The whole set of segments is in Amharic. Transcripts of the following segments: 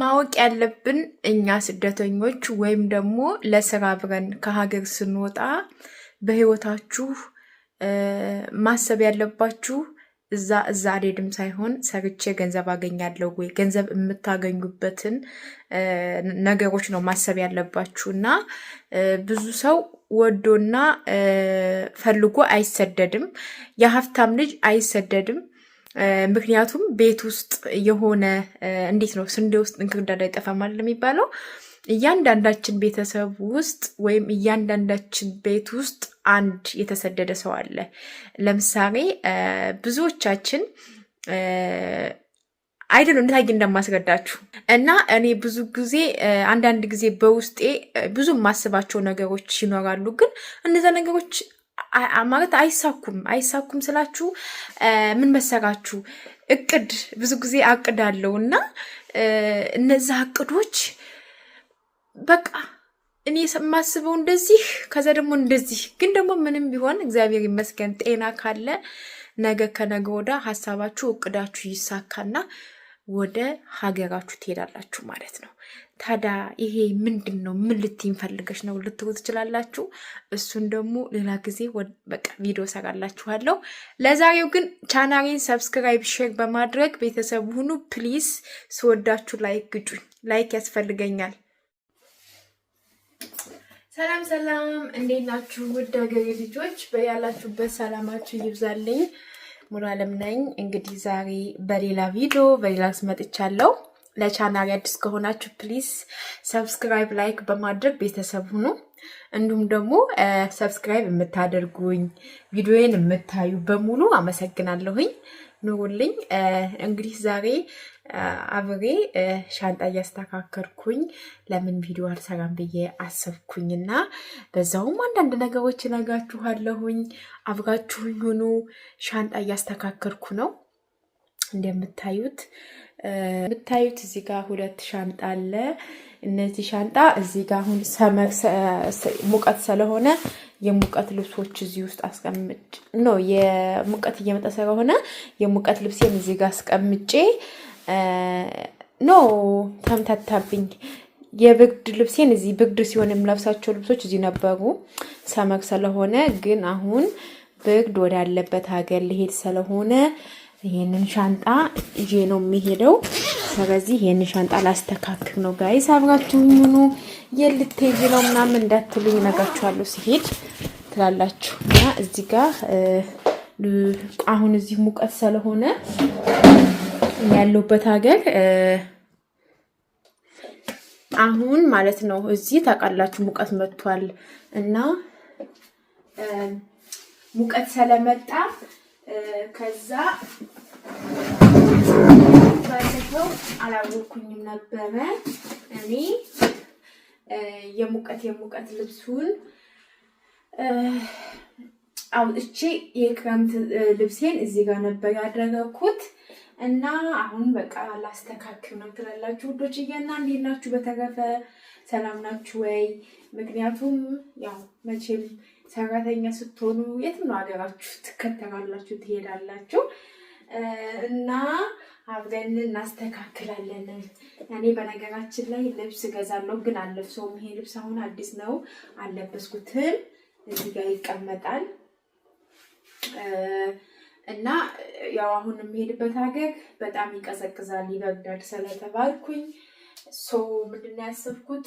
ማወቅ ያለብን እኛ ስደተኞች ወይም ደግሞ ለስራ ብረን ከሀገር ስንወጣ በህይወታችሁ ማሰብ ያለባችሁ እዛ እዛ አልሄድም ሳይሆን ሰርቼ ገንዘብ አገኛለሁ ወይ ገንዘብ የምታገኙበትን ነገሮች ነው ማሰብ ያለባችሁ እና ብዙ ሰው ወዶና ፈልጎ አይሰደድም። የሀብታም ልጅ አይሰደድም። ምክንያቱም ቤት ውስጥ የሆነ እንዴት ነው ስንዴ ውስጥ እንክርዳድ አይጠፋም አይደል የሚባለው። እያንዳንዳችን ቤተሰብ ውስጥ ወይም እያንዳንዳችን ቤት ውስጥ አንድ የተሰደደ ሰው አለ። ለምሳሌ ብዙዎቻችን አይደል እንድታየ እንደማስረዳችሁ እና እኔ ብዙ ጊዜ አንዳንድ ጊዜ በውስጤ ብዙ የማስባቸው ነገሮች ይኖራሉ። ግን እነዚያ ነገሮች ማለት አይሳኩም። አይሳኩም ስላችሁ ምን መሰላችሁ፣ እቅድ ብዙ ጊዜ አቅዳለሁ እና እነዛ እቅዶች በቃ እኔ የማስበው እንደዚህ ከዛ ደግሞ እንደዚህ ግን ደግሞ ምንም ቢሆን እግዚአብሔር ይመስገን ጤና ካለ ነገ ከነገ ወዳ ሀሳባችሁ እቅዳችሁ ይሳካና ወደ ሀገራችሁ ትሄዳላችሁ ማለት ነው። ታዲያ ይሄ ምንድን ነው? ምን ልትይኝ ፈልገሽ ነው ልትሉ ትችላላችሁ። እሱን ደግሞ ሌላ ጊዜ በቃ ቪዲዮ ሰራላችኋለሁ። ለዛሬው ግን ቻናሌን ሰብስክራይብ፣ ሼር በማድረግ ቤተሰብ ሁኑ ፕሊስ። ስወዳችሁ ላይክ ግጩኝ፣ ላይክ ያስፈልገኛል። ሰላም ሰላም፣ እንዴት ናችሁ ውድ ሀገሬ ልጆች? በያላችሁበት ሰላማችሁ ይብዛልኝ። ሙሉ አለም ነኝ። እንግዲህ ዛሬ በሌላ ቪዲዮ በሌላ ስመጥቻለሁ። ለቻናል አዲስ ከሆናችሁ ፕሊስ ሰብስክራይብ፣ ላይክ በማድረግ ቤተሰብ ሁኑ። እንዲሁም ደግሞ ሰብስክራይብ የምታደርጉኝ ቪዲዮዬን የምታዩ በሙሉ አመሰግናለሁኝ። ኑሩልኝ። እንግዲህ ዛሬ አብሬ ሻንጣ እያስተካከልኩኝ ለምን ቪዲዮ አልሰራም ብዬ አሰብኩኝና በዛውም አንዳንድ ነገሮች እነግራችኋለሁኝ። አብራችሁ ሁኑ። ሻንጣ እያስተካከልኩ ነው እንደምታዩት የምታዩት እዚህ ጋር ሁለት ሻንጣ አለ። እነዚህ ሻንጣ እዚህ ጋር አሁን ሰመር ሙቀት ስለሆነ የሙቀት ልብሶች እዚህ ውስጥ አስቀምጭ ነው የሙቀት እየመጣ ስለሆነ የሙቀት ልብሴን እዚህ ጋር አስቀምጬ ኖ ተምታታብኝ። የብግድ ልብሴን እዚህ ብግድ ሲሆን የምለብሳቸው ልብሶች እዚህ ነበሩ። ሰመግ ስለሆነ ግን አሁን ብግድ ወዳለበት ሀገር ልሄድ ስለሆነ ይህንን ሻንጣ ይዤ ነው የሚሄደው። ስለዚህ ይህንን ሻንጣ ላስተካክል ነው ጋይስ፣ አብራችሁኝ ሁኑ። የልትይዝ ነው ምናምን እንዳትሉኝ፣ እነግራችኋለሁ ሲሄድ ትላላችሁ። እና እዚህ ጋር አሁን እዚህ ሙቀት ስለሆነ ያለሁበት ሀገር አሁን ማለት ነው። እዚህ ታውቃላችሁ ሙቀት መጥቷል እና ሙቀት ስለመጣ ከዛ ባለፈው አላወኩኝም ነበረ እኔ የሙቀት የሙቀት ልብሱን አሁን እቺ የክረምት ልብሴን እዚህ ጋር ነበር ያደረገኩት እና አሁን በቃ ላስተካክል ነው ትላላችሁ ውዶች። እየና እንዴት ናችሁ? በተረፈ ሰላም ናችሁ ወይ? ምክንያቱም ያው መቼም ሰራተኛ ስትሆኑ የትም ነው ሀገራችሁ፣ ትከተላላችሁ፣ ትሄዳላችሁ እና አብረን እናስተካክላለን። እኔ በነገራችን ላይ ልብስ እገዛለሁ ግን አልለብሰውም። ይሄ ልብስ አሁን አዲስ ነው አልለበስኩትም። እዚህ ጋር ይቀመጣል። እና ያው አሁን የሚሄድበት ሀገር በጣም ይቀዘቅዛል ይበርዳል ስለተባልኩኝ ሶ ምንድን ነው ያሰብኩት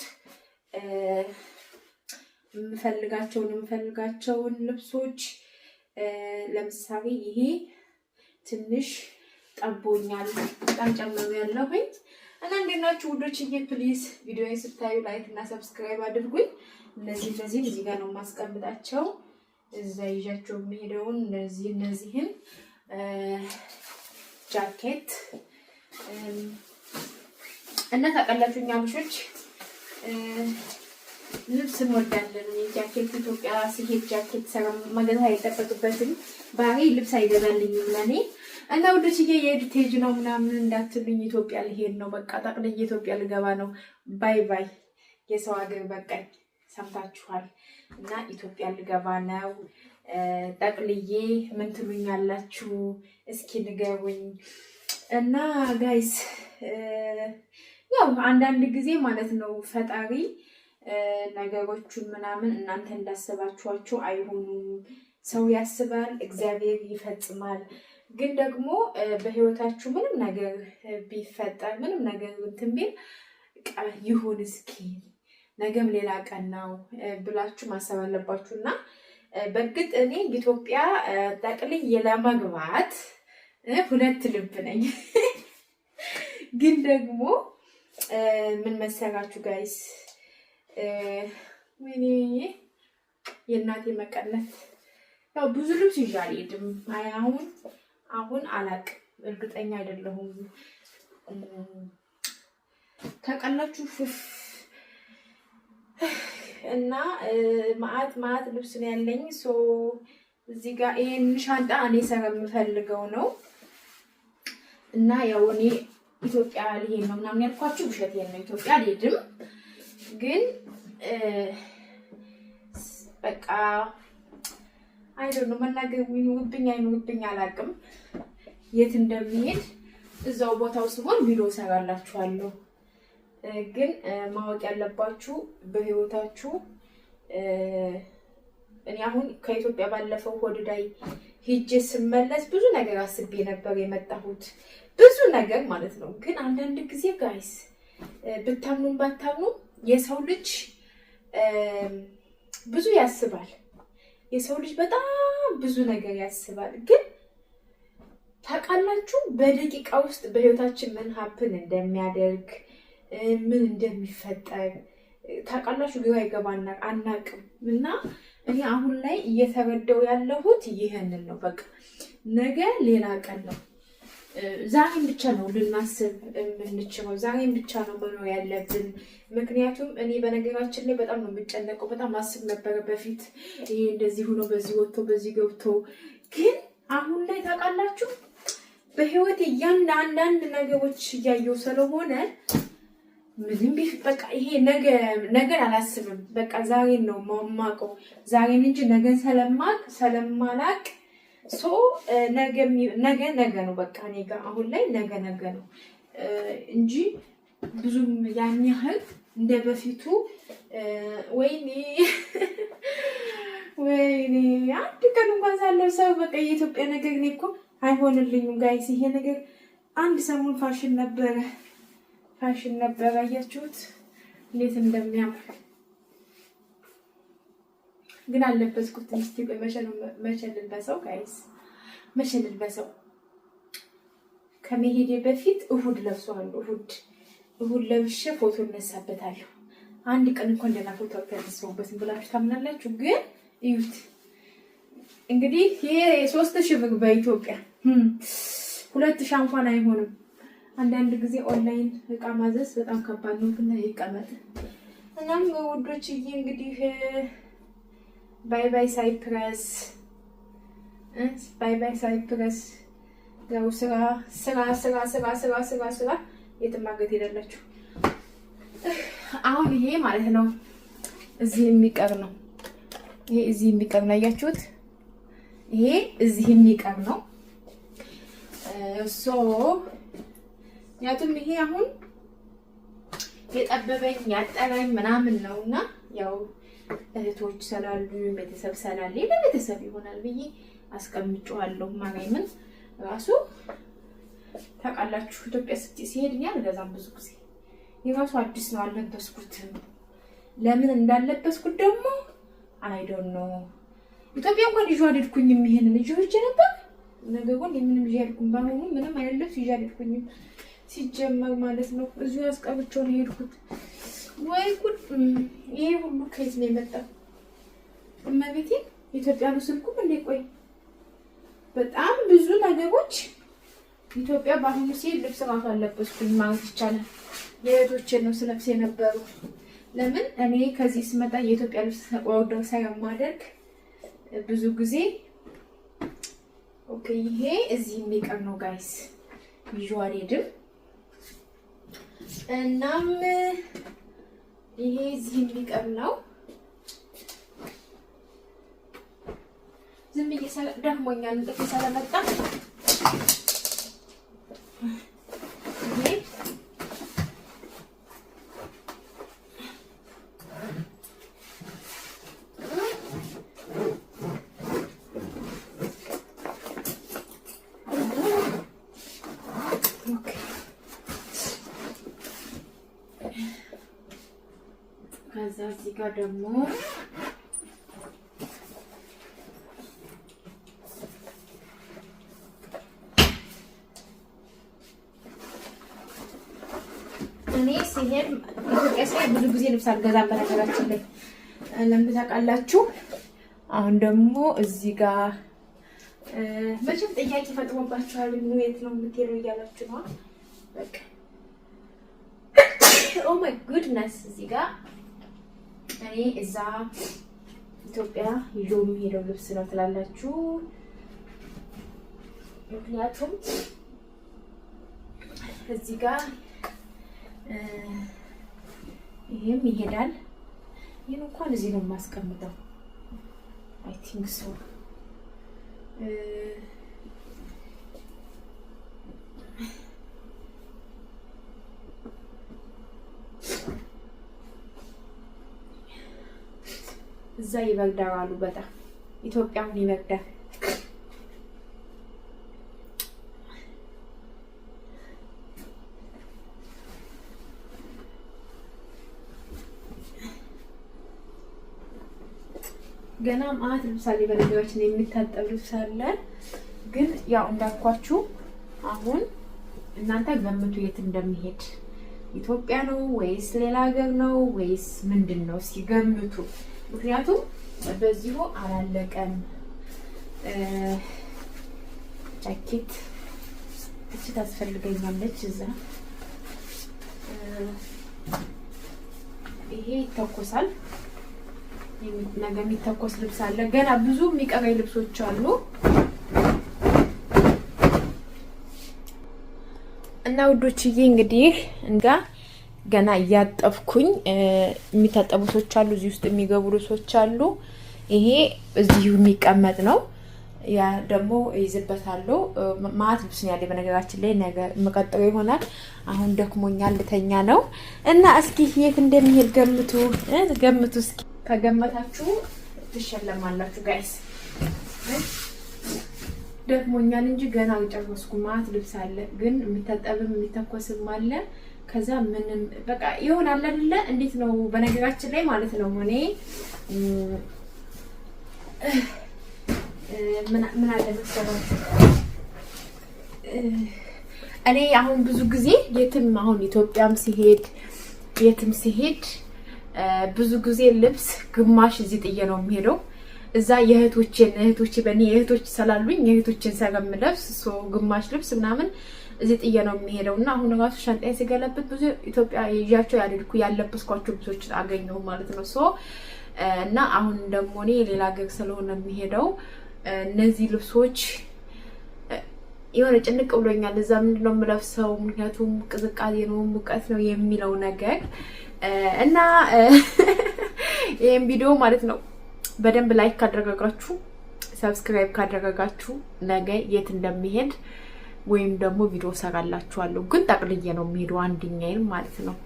የምፈልጋቸውን የምፈልጋቸውን ልብሶች ለምሳሌ ይሄ ትንሽ ጠቦኛል፣ በጣም ጨምሮ ያለሁኝ እና እንዴት ናችሁ ውዶችዬ? ፕሊዝ ቪዲዮ ስታዩ ላይክ እና ሰብስክራይብ አድርጉኝ። እነዚህ እነዚህ እዚህ ጋር ነው የማስቀምጣቸው። እዛ ይዣቸው የሚሄደውን እነዚህ እነዚህን ጃኬት እና ታውቃላችሁ እኛ ምሾች ልብስ እንወዳለን። ጃኬት ኢትዮጵያ ሲሄድ ጃኬት መገዛ አይጠበቅበትም። ባህሪ ልብስ አይገዛልኝም ለኔ እና ውዶችዬ የኤድቴጅ ነው ምናምን እንዳትሉኝ። ኢትዮጵያ ልሄድ ነው በቃ ጠቅልዬ ኢትዮጵያ ልገባ ነው። ባይ ባይ፣ የሰው ሀገር በቃኝ። ሰምታችኋል። እና ኢትዮጵያ ልገባ ነው ጠቅልዬ ምን ትሉኛላችሁ? እስኪ ንገሩኝ። እና ጋይስ ያው አንዳንድ ጊዜ ማለት ነው ፈጣሪ ነገሮቹን ምናምን እናንተ እንዳስባችኋቸው አይሆኑም። ሰው ያስባል፣ እግዚአብሔር ይፈጽማል። ግን ደግሞ በህይወታችሁ ምንም ነገር ቢፈጠር ምንም ነገር እንትን ቢል ይሁን እስኪ ነገም ሌላ ቀን ነው ብላችሁ ማሰብ አለባችሁ እና በእርግጥ እኔ ኢትዮጵያ ጠቅልዬ ለመግባት ሁለት ልብ ነኝ። ግን ደግሞ ምን መሰላችሁ ጋይስ፣ ወይኔ የእናቴ መቀነት ያው ብዙ ልብስ ይዤ አልሄድም። አሁን አሁን አላቅም፣ እርግጠኛ አይደለሁም። ከቀላችሁ ፍፍ እና ማአት ማአት ልብስ ነው ያለኝ። ሶ እዚህ ጋር ይሄን ሻንጣ እኔ ስለምፈልገው ነው እና ያው እኔ ኢትዮጵያ ልሄድ ነው ምናምን ያልኳችሁ ውሸቴን ነው። ኢትዮጵያ አልሄድም፣ ግን በቃ አይዶ ነው መናገር ይኑርብኝ አይኑርብኝ አላውቅም። የት እንደሚሄድ እዛው ቦታው ሲሆን ቪዲዮ ሰራላችኋለሁ። ግን ማወቅ ያለባችሁ በህይወታችሁ እኔ አሁን ከኢትዮጵያ ባለፈው ሆድዳይ ሂጄ ስመለስ ብዙ ነገር አስቤ ነበር የመጣሁት፣ ብዙ ነገር ማለት ነው። ግን አንዳንድ ጊዜ ጋይስ ብታምኑም ባታምኑም የሰው ልጅ ብዙ ያስባል። የሰው ልጅ በጣም ብዙ ነገር ያስባል። ግን ታውቃላችሁ በደቂቃ ውስጥ በህይወታችን ምን ሀፕን እንደሚያደርግ ምን እንደሚፈጠር ታውቃላችሁ፣ ግራ ይገባና አናቅም። እና እኔ አሁን ላይ እየተረዳው ያለሁት ይህንን ነው። በቃ ነገ ሌላ ቀን ነው። ዛሬም ብቻ ነው ልናስብ የምንችለው። ዛሬም ብቻ ነው መኖር ያለብን። ምክንያቱም እኔ በነገራችን ላይ በጣም ነው የምጨነቀው። በጣም አስብ ነበረ በፊት ይሄ እንደዚህ ሆኖ በዚህ ወጥቶ በዚህ ገብቶ፣ ግን አሁን ላይ ታውቃላችሁ በህይወት እያንዳንድ ነገሮች እያየው ስለሆነ ምንም ቢፍ በቃ ይሄ ነገ ነገን አላስብም። በቃ ዛሬን ነው ማማቀው ዛሬን እንጂ ነገን ሰለማቅ ሰለማላቅ ሶ ነገ ነገ ነገ ነው በቃ እኔ ጋር አሁን ላይ ነገ ነገ ነው እንጂ ብዙም ያን ያህል እንደ በፊቱ ወይኔ ወይኔ አንድ ቀን እንኳን ሳለው ሰው በቃ የኢትዮጵያ ነገር እኔ እኮ አይሆንልኝም ጋይስ። ይሄ ነገር አንድ ሰሞን ፋሽን ነበረ ፋሽን ነበር። አያችሁት እንዴት እንደሚያምር ግን አለበስኩት። እስኪ ቆይ መቼ ልልበሰው? ጋይስ መቼ ልልበሰው? ከመሄዴ በፊት እሁድ ለብሰዋል። እሁድ እሁድ ለብሼ ፎቶ እነሳበታለሁ። አንድ ቀን እንኳን ደህና ፎቶ አልተነሳሁበትም ብላችሁ ታምናላችሁ? ግን እዩት እንግዲህ ይሄ የሶስት ሺህ ብር በኢትዮጵያ ሁለት ሺህ እንኳን አይሆንም። አንዳንድ ጊዜ ኦንላይን እቃ ማዘዝ በጣም ከባድ ነው፣ ግን ይቀመጥ። እናም ውዶችዬ እንግዲህ ባይ ባይ ሳይፕረስ ባይ ባይ ሳይፕረስ ያው ስራ ስራ ስራ ስራ ስራ ስራ ስራ የትማገት አገት ሄዳላችሁ። አሁን ይሄ ማለት ነው እዚህ የሚቀር ነው። ይሄ እዚህ የሚቀር ነው። አያችሁት? ይሄ እዚህ የሚቀር ነው ሶ ምክንያቱም ይሄ አሁን የጠበበኝ ያጠራኝ ምናምን ነው እና ያው እህቶች ስላሉ ቤተሰብ ስላለ ለቤተሰብ ይሆናል ብዬ አስቀምጬዋለሁ። ማርያምን ራሱ ታውቃላችሁ፣ ኢትዮጵያ ስትይ ሲሄድ እኔ አልገዛም ብዙ ጊዜ የራሱ አዲስ ነው አልለበስኩትም። ለምን እንዳለበስኩት ደግሞ አይዶን ነው። ኢትዮጵያ እንኳን ይዤው አልሄድኩኝም። ይሄንን ይዤው ሄጄ ነበር። ነገር ግን የምንም ይዤ አልሄድኩም። በአሁኑ ምንም አይነት ልብስ ይዤ አልሄድኩኝም። ሲጀመር ማለት ነው። እዚሁ ያስቀብቸው ነው የሄድኩት። ወይ ጉድ! ይሄ ሁሉ ከየት ነው የመጣው? እመቤቴ ኢትዮጵያ ነው ስልኩም እንዴ? ቆይ በጣም ብዙ ነገሮች ኢትዮጵያ በአሁኑ ሲሄድ ልብስ ራሱ አለበስኩኝ ማለት ይቻላል። የእህቶቼ ነው ስለብስ የነበሩ ለምን እኔ ከዚህ ስመጣ የኢትዮጵያ ልብስ ወርደር ሳይማደርግ ብዙ ጊዜ ኦኬ። ይሄ እዚህ የሚቀር ነው ጋይስ፣ ይዤው አልሄድም። እናም ይሄ እዚህ የሚቀር ነው። ዝም ብዬ ደክሞኛል እንቅልፍ ስለመጣ ደግሞ እኔ ሲሄድ ኢትዮጵያ ሲሄድ ብዙ ጊዜ ልብስ አልገዛም። በነገራችን ላይ ለምን ታውቃላችሁ? አሁን ደግሞ እዚህ ጋር መቼም ጥያቄ ፈጥሞባችኋል። የት ነው የምትሄደው እያላችሁ ነው። በቃ ኦ ማይ ጉድነስ እዚህ ጋር እኔ እዛ ኢትዮጵያ ይዞ የሚሄደው ልብስ ነው ትላላችሁ። ምክንያቱም እዚህ ጋር ይህም ይሄዳል። ይህን እንኳን እዚህ ነው የማስቀምጠው። አይ ቲንክ ሶ እዛ ይበርዳል አሉ። በጣም ኢትዮጵያውን ይበርዳል። ገና ማለት ለምሳሌ በነገራችን የሚታጠብ ልብስ አለ። ግን ያው እንዳልኳችሁ አሁን እናንተ ገምቱ የት እንደሚሄድ ኢትዮጵያ ነው ወይስ ሌላ ሀገር ነው ወይስ ምንድን ነው? ምክንያቱም በዚሁ አላለቀም። ጃኬት እች ታስፈልገኛለች። እዛ ይሄ ይተኮሳል። ነገ የሚተኮስ ልብስ አለ። ገና ብዙ የሚቀረኝ ልብሶች አሉ እና ውዶችዬ እንግዲህ እንጋ ገና እያጠብኩኝ የሚታጠቡ ሰዎች አሉ፣ እዚህ ውስጥ የሚገቡ ልብሶች አሉ። ይሄ እዚሁ የሚቀመጥ ነው። ያ ደግሞ ይዝበታለሁ። ማት ልብስ ያለ በነገራችን ላይ ነገ የምቀጥለው ይሆናል። አሁን ደክሞኛል፣ ልተኛ ነው እና እስኪ የት እንደሚሄድ ገምቱ፣ ገምቱ። እስኪ ከገመታችሁ ትሸለማላችሁ ጋይስ። ደክሞኛል እንጂ ገና አልጨረስኩም። ማት ልብስ አለ ግን የሚታጠብም የሚተኮስም አለ ከዛ ምንም በቃ ይሆን አለ አይደለ? እንዴት ነው በነገራችን ላይ ማለት ነው እኔ ምን አለ መሰላችሁ እኔ አሁን ብዙ ጊዜ የትም አሁን ኢትዮጵያም ሲሄድ የትም ሲሄድ ብዙ ጊዜ ልብስ ግማሽ እዚህ ጥዬ ነው የሚሄደው። እዛ የእህቶችን እህቶች በእኔ የእህቶች ስላሉኝ የእህቶችን ሰገም ለብስ ግማሽ ልብስ ምናምን እዚህ ጥዬ ነው የሚሄደው እና አሁን ራሱ ሻንጣዬን ሲገለብት ብዙ ኢትዮጵያ ይዣቸው ያልሄድኩ ያለበስኳቸው ብዙዎች አገኘሁ ማለት ነው። ሶ እና አሁን ደግሞ እኔ ሌላ ሀገር ስለሆነ የሚሄደው እነዚህ ልብሶች የሆነ ጭንቅ ብሎኛል። እዛ ምንድነው የምለብሰው? ምክንያቱም ቅዝቃዜ ነው ሙቀት ነው የሚለው ነገር እና ይህም ቪዲዮ ማለት ነው በደንብ ላይክ ካደረጋጋችሁ ሰብስክራይብ ካደረጋጋችሁ ነገ የት እንደሚሄድ ወይም ደግሞ ቪዲዮ ሰራላችኋለሁ፣ ግን ጠቅልዬ ነው የሚሄደው አንድኛይል ማለት ነው።